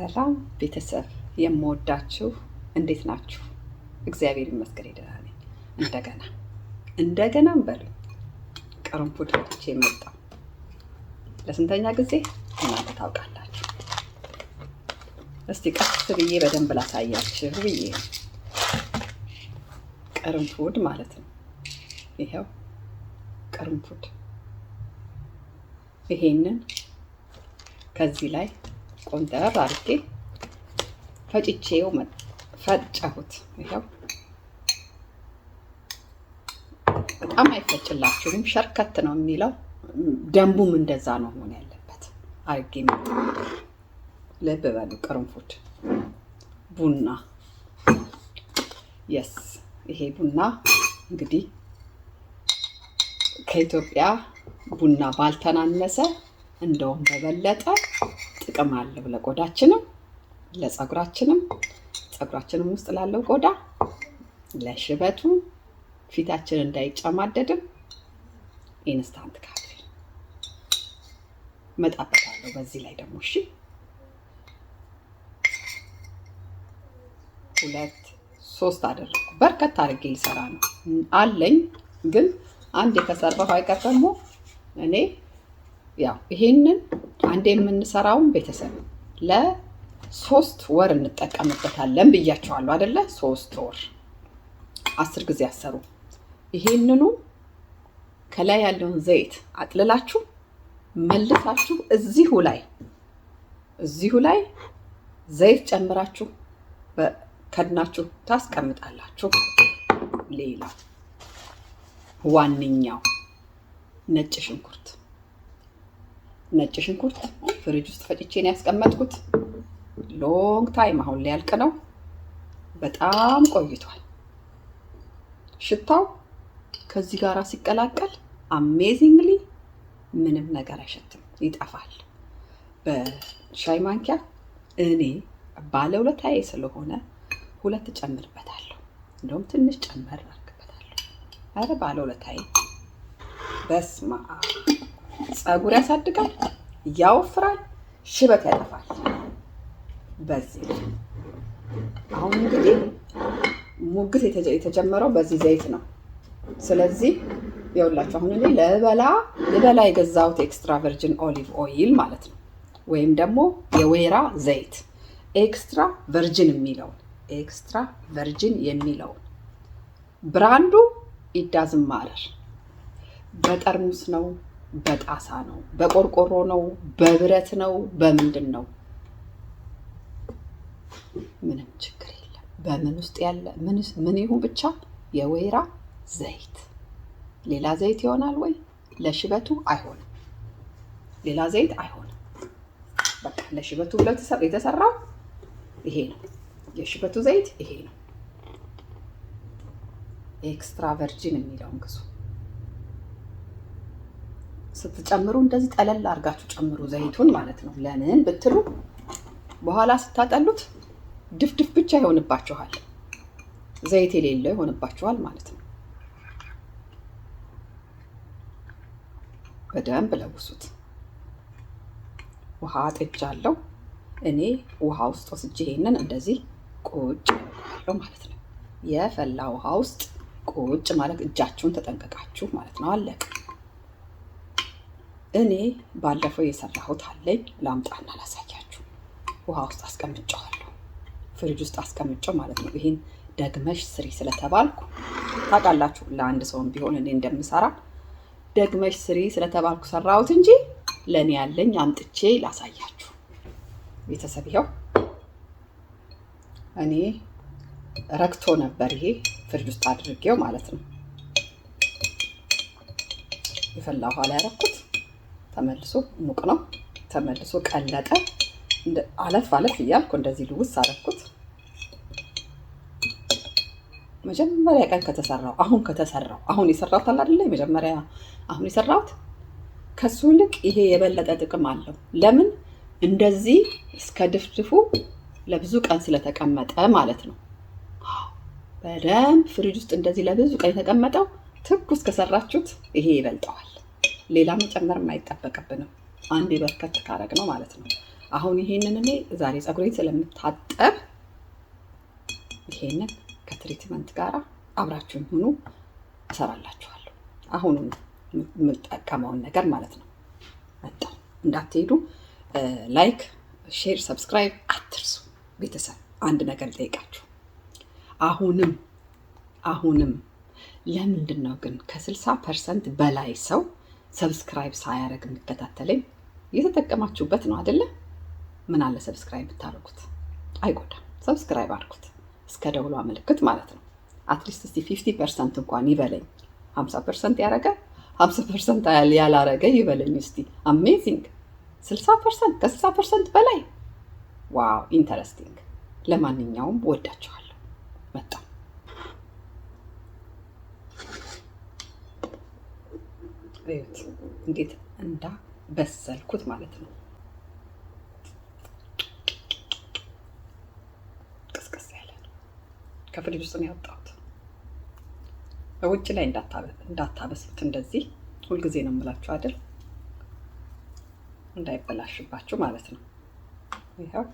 ሰላም ቤተሰብ የምወዳችሁ እንዴት ናችሁ? እግዚአብሔር ይመስገን ደህና ነኝ። እንደገና እንደገናም በሉ ቅርንፉድ ፈትቼ መጣሁ። ለስንተኛ ጊዜ እናንተ ታውቃላችሁ። እስቲ ቀስ ብዬ በደንብ ላሳያችሁ ብዬ ቅርንፉድ ማለት ነው። ይኸው ቅርንፉድ ይሄንን ከዚህ ላይ ቆንጠር አድርጌ ፈጭቼው ፈጨሁት። ይኸው በጣም አይፈጭላችሁም፣ ሸርከት ነው የሚለው። ደንቡም እንደዛ ነው መሆን ያለበት። አድርጌ ልብ በሉ። ቅርንፉድ ቡና የስ ይሄ ቡና እንግዲህ ከኢትዮጵያ ቡና ባልተናነሰ እንደውም በበለጠ ጥቅም አለው ለቆዳችንም ለፀጉራችንም ፀጉራችንም ውስጥ ላለው ቆዳ ለሽበቱ ፊታችን እንዳይጨማደድም ኢንስታንት ካፌ መጣበቃለሁ። በዚህ ላይ ደግሞ እሺ ሁለት ሶስት አደረኩ። በርከት አድርጌ ልሰራ ነው አለኝ፣ ግን አንድ የተሰራው አይቀር ደግሞ እኔ ያው ይሄንን አንድ የምንሰራውን ቤተሰብ ለሶስት ወር እንጠቀምበታለን ብያቸዋለሁ አደለ? ሶስት ወር አስር ጊዜ አሰሩ። ይሄንኑ ከላይ ያለውን ዘይት አጥልላችሁ መልሳችሁ እዚሁ ላይ እዚሁ ላይ ዘይት ጨምራችሁ ከድናችሁ ታስቀምጣላችሁ። ሌላ ዋነኛው ነጭ ሽንኩርት ነጭ ሽንኩርት ፍሪጅ ውስጥ ፈጭቼ ነው ያስቀመጥኩት። ሎንግ ታይም አሁን ሊያልቅ ነው። በጣም ቆይቷል። ሽታው ከዚህ ጋር ሲቀላቀል አሜዚንግሊ ምንም ነገር አይሸትም፣ ይጠፋል። በሻይ ማንኪያ እኔ ባለ ሁለት አይ ስለሆነ ሁለት ጨምርበታለሁ። እንደውም ትንሽ ጨመር አድርግበታለሁ። አረ አይ በስማ ፀጉር ያሳድጋል፣ ያወፍራል፣ ሽበት ያጠፋል። በዚህ አሁን እንግዲህ ሙግት የተጀመረው በዚህ ዘይት ነው። ስለዚህ ይኸውላችሁ አሁን እኔ ለበላ ልበላ የገዛሁት ኤክስትራ ቨርጅን ኦሊቭ ኦይል ማለት ነው ወይም ደግሞ የወይራ ዘይት ኤክስትራ ቨርጅን የሚለውን ኤክስትራ ቨርጅን የሚለውን ብራንዱ ኢዳዝም ማረር በጠርሙስ ነው በጣሳ ነው፣ በቆርቆሮ ነው፣ በብረት ነው፣ በምንድን ነው? ምንም ችግር የለም። በምን ውስጥ ያለ ምን ይሁን ብቻ የወይራ ዘይት ሌላ ዘይት ይሆናል ወይ? ለሽበቱ አይሆንም። ሌላ ዘይት አይሆንም። በቃ ለሽበቱ ብለው የተሰራው ይሄ ነው። የሽበቱ ዘይት ይሄ ነው። ኤክስትራ ቨርጂን የሚለውን ግዙ። ስትጨምሩ እንደዚህ ጠለል አድርጋችሁ ጨምሩ፣ ዘይቱን ማለት ነው። ለምን ብትሉ በኋላ ስታጠሉት ድፍድፍ ብቻ ይሆንባችኋል፣ ዘይት የሌለው ይሆንባችኋል ማለት ነው። በደንብ ለውሱት። ውሃ ጥጃለሁ እኔ ውሃ ውስጥ ወስጄ ይሄንን እንደዚህ ቁጭ ያለው ማለት ነው። የፈላ ውሃ ውስጥ ቁጭ ማለት እጃችሁን ተጠንቀቃችሁ ማለት ነው። አለቅ እኔ ባለፈው የሰራሁት አለኝ ላምጣና ላሳያችሁ። ውሃ ውስጥ አስቀምጨዋለሁ፣ ፍሪጅ ውስጥ አስቀምጨው ማለት ነው። ይህን ደግመሽ ስሪ ስለተባልኩ ታውቃላችሁ፣ ለአንድ ሰውም ቢሆን እኔ እንደምሰራ ደግመሽ ስሪ ስለተባልኩ ሰራሁት እንጂ ለእኔ ያለኝ አምጥቼ ላሳያችሁ። ቤተሰብ ይኸው እኔ ረክቶ ነበር። ይሄ ፍሪጅ ውስጥ አድርጌው ማለት ነው። የፈላ ኋላ ያረኩት ተመልሶ ሙቅ ነው። ተመልሶ ቀለጠ። አለፍ አለፍ እያልኩ እንደዚህ ልውስ አደረኩት። መጀመሪያ ቀን ከተሰራው አሁን ከተሰራው አሁን የሰራሁት አለ አይደለ? መጀመሪያ አሁን የሰራሁት ከሱ ይልቅ ይሄ የበለጠ ጥቅም አለው። ለምን እንደዚህ እስከ ድፍድፉ ለብዙ ቀን ስለተቀመጠ ማለት ነው። በደንብ ፍሪጅ ውስጥ እንደዚህ ለብዙ ቀን የተቀመጠው ትኩስ ከሰራችሁት ይሄ ይበልጠዋል። ሌላ መጨመርም አይጠበቅብንም። አንዴ በርከት ካረግ ነው ማለት ነው። አሁን ይሄንን እኔ ዛሬ ፀጉሬን ስለምታጠብ ይሄንን ከትሪትመንት ጋር አብራችሁን ሁኑ እሰራላችኋለሁ። አሁኑ የምጠቀመውን ነገር ማለት ነው። መጣሁ እንዳትሄዱ። ላይክ፣ ሼር፣ ሰብስክራይብ አትርሱ። ቤተሰብ አንድ ነገር ልጠይቃችሁ። አሁንም አሁንም ለምንድን ነው ግን ከ ከ60 ፐርሰንት በላይ ሰው ሰብስክራይብ ሳያደርግ የሚከታተለኝ እየተጠቀማችሁበት ነው አደለ? ምን አለ ሰብስክራይብ ብታደርጉት አይጎዳም። ሰብስክራይብ አድርጉት እስከ ደውሏ ምልክት ማለት ነው። አትሊስት እስቲ ፊፍቲ ፐርሰንት እንኳን ይበለኝ። ሀምሳ ፐርሰንት ያረገ ሀምሳ ፐርሰንት ያላረገ ይበለኝ እስቲ። አሜዚንግ ስልሳ ፐርሰንት ከስልሳ ፐርሰንት በላይ ዋው ኢንተረስቲንግ። ለማንኛውም ወዳችኋለሁ። መጣም እዩት እንዴት እንዳ በሰልኩት ማለት ነው። ቅስቅስ ያለ ከፍሪጅ ውስጥ ነው ያወጣሁት። ውጭ ላይ እንዳታበስሉት እንደዚህ ሁልጊዜ ነው የምላችሁ አይደል? እንዳይበላሽባችሁ ማለት ነው። ይኸው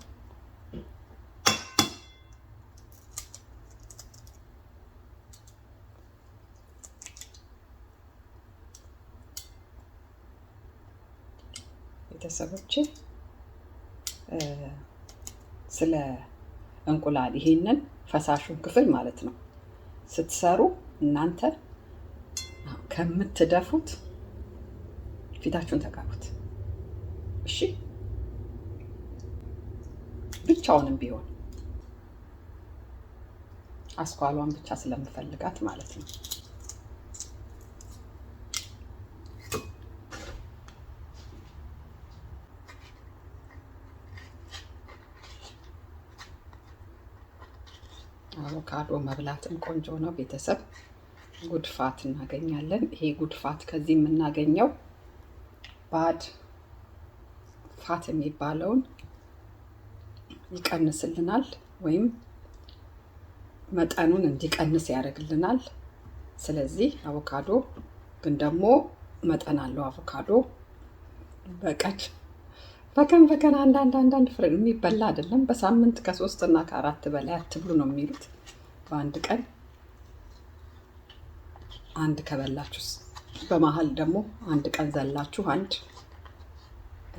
ቤተሰቦች ስለ እንቁላል ይሄንን ፈሳሹን ክፍል ማለት ነው ስትሰሩ እናንተ ከምትደፉት ፊታችሁን ተቀቡት። እሺ፣ ብቻውንም ቢሆን አስኳሏን ብቻ ስለምፈልጋት ማለት ነው። አቮካዶ መብላትም ቆንጆ ነው። ቤተሰብ ጉድፋት እናገኛለን። ይሄ ጉድፋት ከዚህ የምናገኘው ባድ ፋት የሚባለውን ይቀንስልናል ወይም መጠኑን እንዲቀንስ ያደርግልናል። ስለዚህ አቮካዶ ግን ደግሞ መጠን አለው። አቮካዶ በቀን በቀን በቀን አንዳንድ አንዳንድ ፍሬ የሚበላ አይደለም። በሳምንት ከሶስት እና ከአራት በላይ አትብሉ ነው የሚሉት። በአንድ ቀን አንድ ከበላችሁ በመሀል ደግሞ አንድ ቀን ዘላችሁ አንድ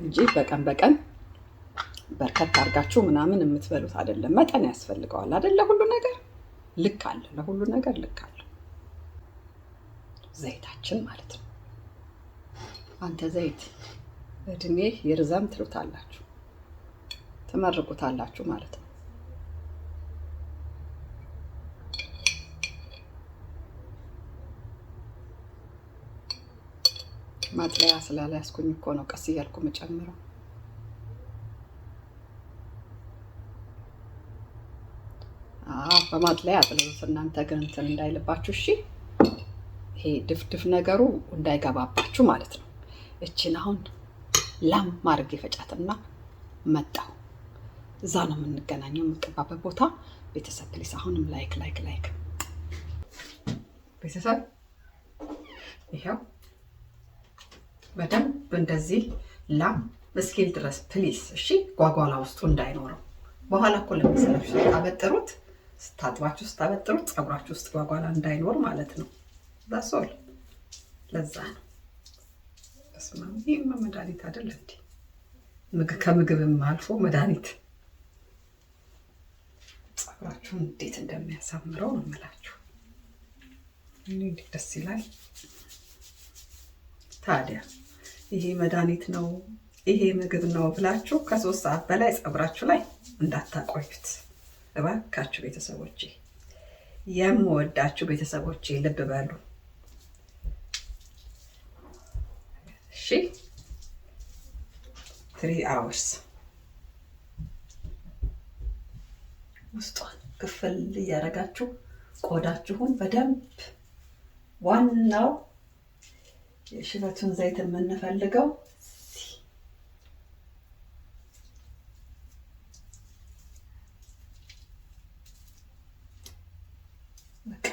እንጂ በቀን በቀን በርከት አድርጋችሁ ምናምን የምትበሉት አይደለም። መጠን ያስፈልገዋል አይደል? ለሁሉ ነገር ልክ አለ፣ ለሁሉ ነገር ልክ አለ። ዘይታችን ማለት ነው። አንተ ዘይት እድሜ ይርዘም ትሉታላችሁ፣ ትመርቁታላችሁ ማለት ነው። ማጥለያ ስላላያስኩኝ እኮ ነው ቀስ እያልኩ መጨምረው። አዎ በማጥለያ አጥልሉት። እናንተ ግን እንትን እንዳይልባችሁ እሺ። ይሄ ድፍድፍ ነገሩ እንዳይገባባችሁ ማለት ነው። እችን አሁን ላም ማድረግ የፈጫትና መጣው እዛ ነው የምንገናኘው የምቀባበት ቦታ። ቤተሰብ ፕሊስ፣ አሁንም ላይክ ላይክ ላይክ ቤተሰብ ይኸው በደንብ እንደዚህ ላም እስኪል ድረስ ፕሊስ። እሺ ጓጓላ ውስጡ እንዳይኖረው በኋላ እኮ ለሚሰለብሽ ስታበጥሩት ስታጥባችሁ ስታበጥሩት ጸጉራችሁ ውስጥ ጓጓላ እንዳይኖር ማለት ነው። ዛሶል ለዛ ነው። በስመ አብ ይህማ መድኃኒት አይደል እንዲ ከምግብም አልፎ መድኃኒት ጸጉራችሁን እንዴት እንደሚያሳምረው ነው የምላችሁ። እንዴት ደስ ይላል። ታዲያ ይሄ መድኃኒት ነው ይሄ ምግብ ነው ብላችሁ ከሶስት ሰዓት በላይ ጸጉራችሁ ላይ እንዳታቆዩት እባካችሁ ቤተሰቦቼ፣ የምወዳችሁ ቤተሰቦቼ ልብ በሉ እሺ። ትሪ አወርስ ውስጧን ክፍል እያደረጋችሁ ቆዳችሁን በደንብ ዋናው የሽበቱን ዘይት የምንፈልገው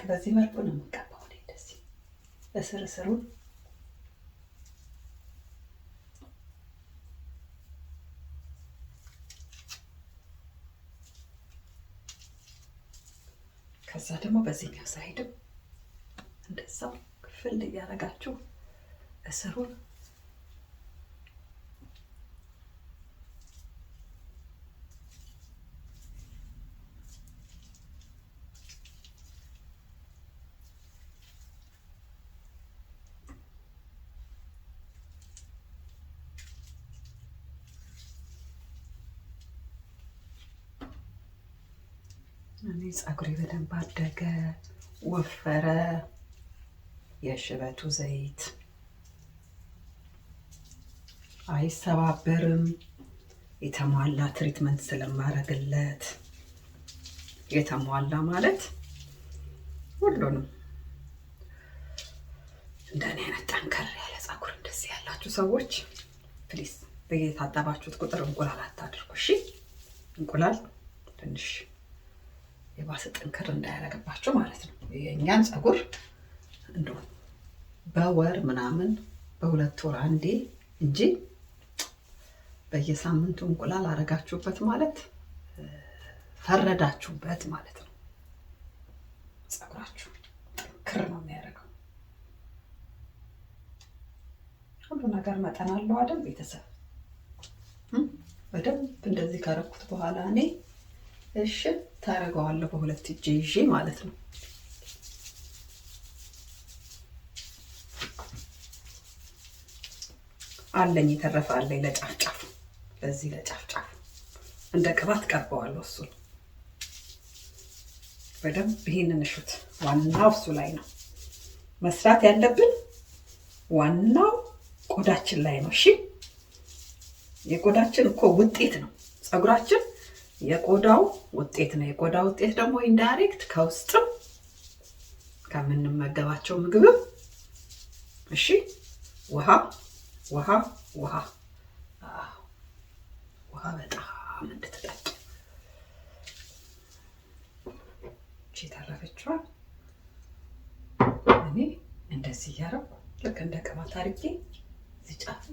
በዚህ መልኩ ነው የምንቀባው። እንደዚህ እስር እስሩን ከዛ ደግሞ በዚህኛው ሳይድም እንደዛው ክፍል እያደረጋችሁ beszorul. nic, akkor jövedem pár dege, ulfere, jesebe tuzeit. አይሰባበርም። የተሟላ ትሪትመንት ስለማረግለት የተሟላ ማለት ሁሉንም እንደኔ አይነት ጠንከር ያለ ፀጉር እንደዚህ ያላችሁ ሰዎች ፕሊዝ በየታጠባችሁት ቁጥር እንቁላል አታድርጉ። እሺ እንቁላል ትንሽ የባሰ ጥንክር እንዳያደርግባችሁ ማለት ነው። የእኛን ፀጉር እንዲሁም በወር ምናምን በሁለት ወር አንዴ እንጂ በየሳምንቱ እንቁላል አረጋችሁበት ማለት ፈረዳችሁበት ማለት ነው። ጸጉራችሁ ክር ነው የሚያደርገው። ሁሉ ነገር መጠን አለው አይደል? ቤተሰብ በደንብ እንደዚህ ካረኩት በኋላ እኔ እሺ ታደርገዋለሁ በሁለት እጄ ይዤ ማለት ነው። አለኝ የተረፈ አለኝ ለጫፍ ጫፍ በዚህ ለጫፍጫፍ እንደ ቅባት ቀርበዋለሁ። እሱን በደንብ ይህንን እሹት። ዋናው እሱ ላይ ነው መስራት ያለብን። ዋናው ቆዳችን ላይ ነው። እሺ የቆዳችን እኮ ውጤት ነው ፀጉራችን የቆዳው ውጤት ነው። የቆዳ ውጤት ደግሞ ኢንዳይሬክት ከውስጥም ከምንመገባቸው ምግብም እሺ ውሃ ውሃ ውሃ ውሃ በጣም እንድትጠጭ የተረፈችዋል። እኔ እንደዚህ እያረኩ ልክ እንደ ቅባት አድርጌ እዚህ ጫፍ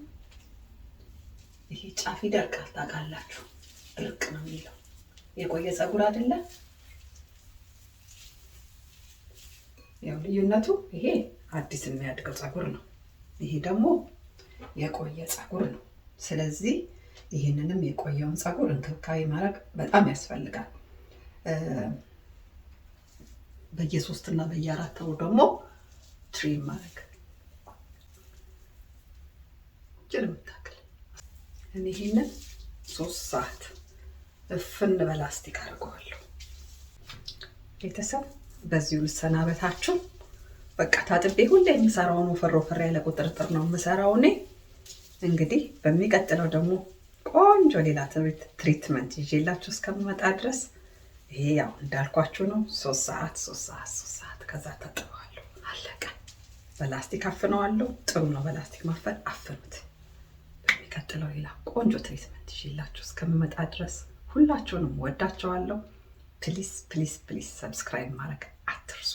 ይሄ ጫፍ ይደርቃል። ታውቃላችሁ፣ ድርቅ ነው የሚለው የቆየ ፀጉር አይደለ? ያው ልዩነቱ ይሄ አዲስ የሚያድገው ፀጉር ነው። ይሄ ደግሞ የቆየ ፀጉር ነው። ስለዚህ ይህንንም የቆየውን ፀጉር እንክብካቤ ማድረግ በጣም ያስፈልጋል። በየሶስት እና በየአራት ወሩ ደግሞ ትሪም ማድረግ ጅን ምታክል እኔ ይህንን ሶስት ሰዓት እፍን በላስቲክ አድርገዋለሁ። ቤተሰብ በዚሁ ልሰናበታችሁ። በቃ ታጥቤ ሁሌ የምሰራውን ወፈር ወፈር ያለ ቁጥርጥር ነው የምሰራው እኔ። እንግዲህ በሚቀጥለው ደግሞ ቆንጆ ሌላ ትሪትመንት ይዤላችሁ እስከምመጣ ድረስ ይሄ ያው እንዳልኳችሁ ነው። ሶስት ሰዓት ሶስት ሰዓት ሶስት ሰዓት ከዛ ታጥበዋለሁ። አለቀ። በላስቲክ አፍነዋለሁ። ጥሩ ነው። በላስቲክ ማፈን አፍኑት። በሚቀጥለው ሌላ ቆንጆ ትሪትመንት ይዤላችሁ እስከምመጣ ድረስ ሁላችሁንም ወዳቸዋለሁ። ፕሊስ ፕሊስ ፕሊስ ሰብስክራይብ ማድረግ አትርሱ።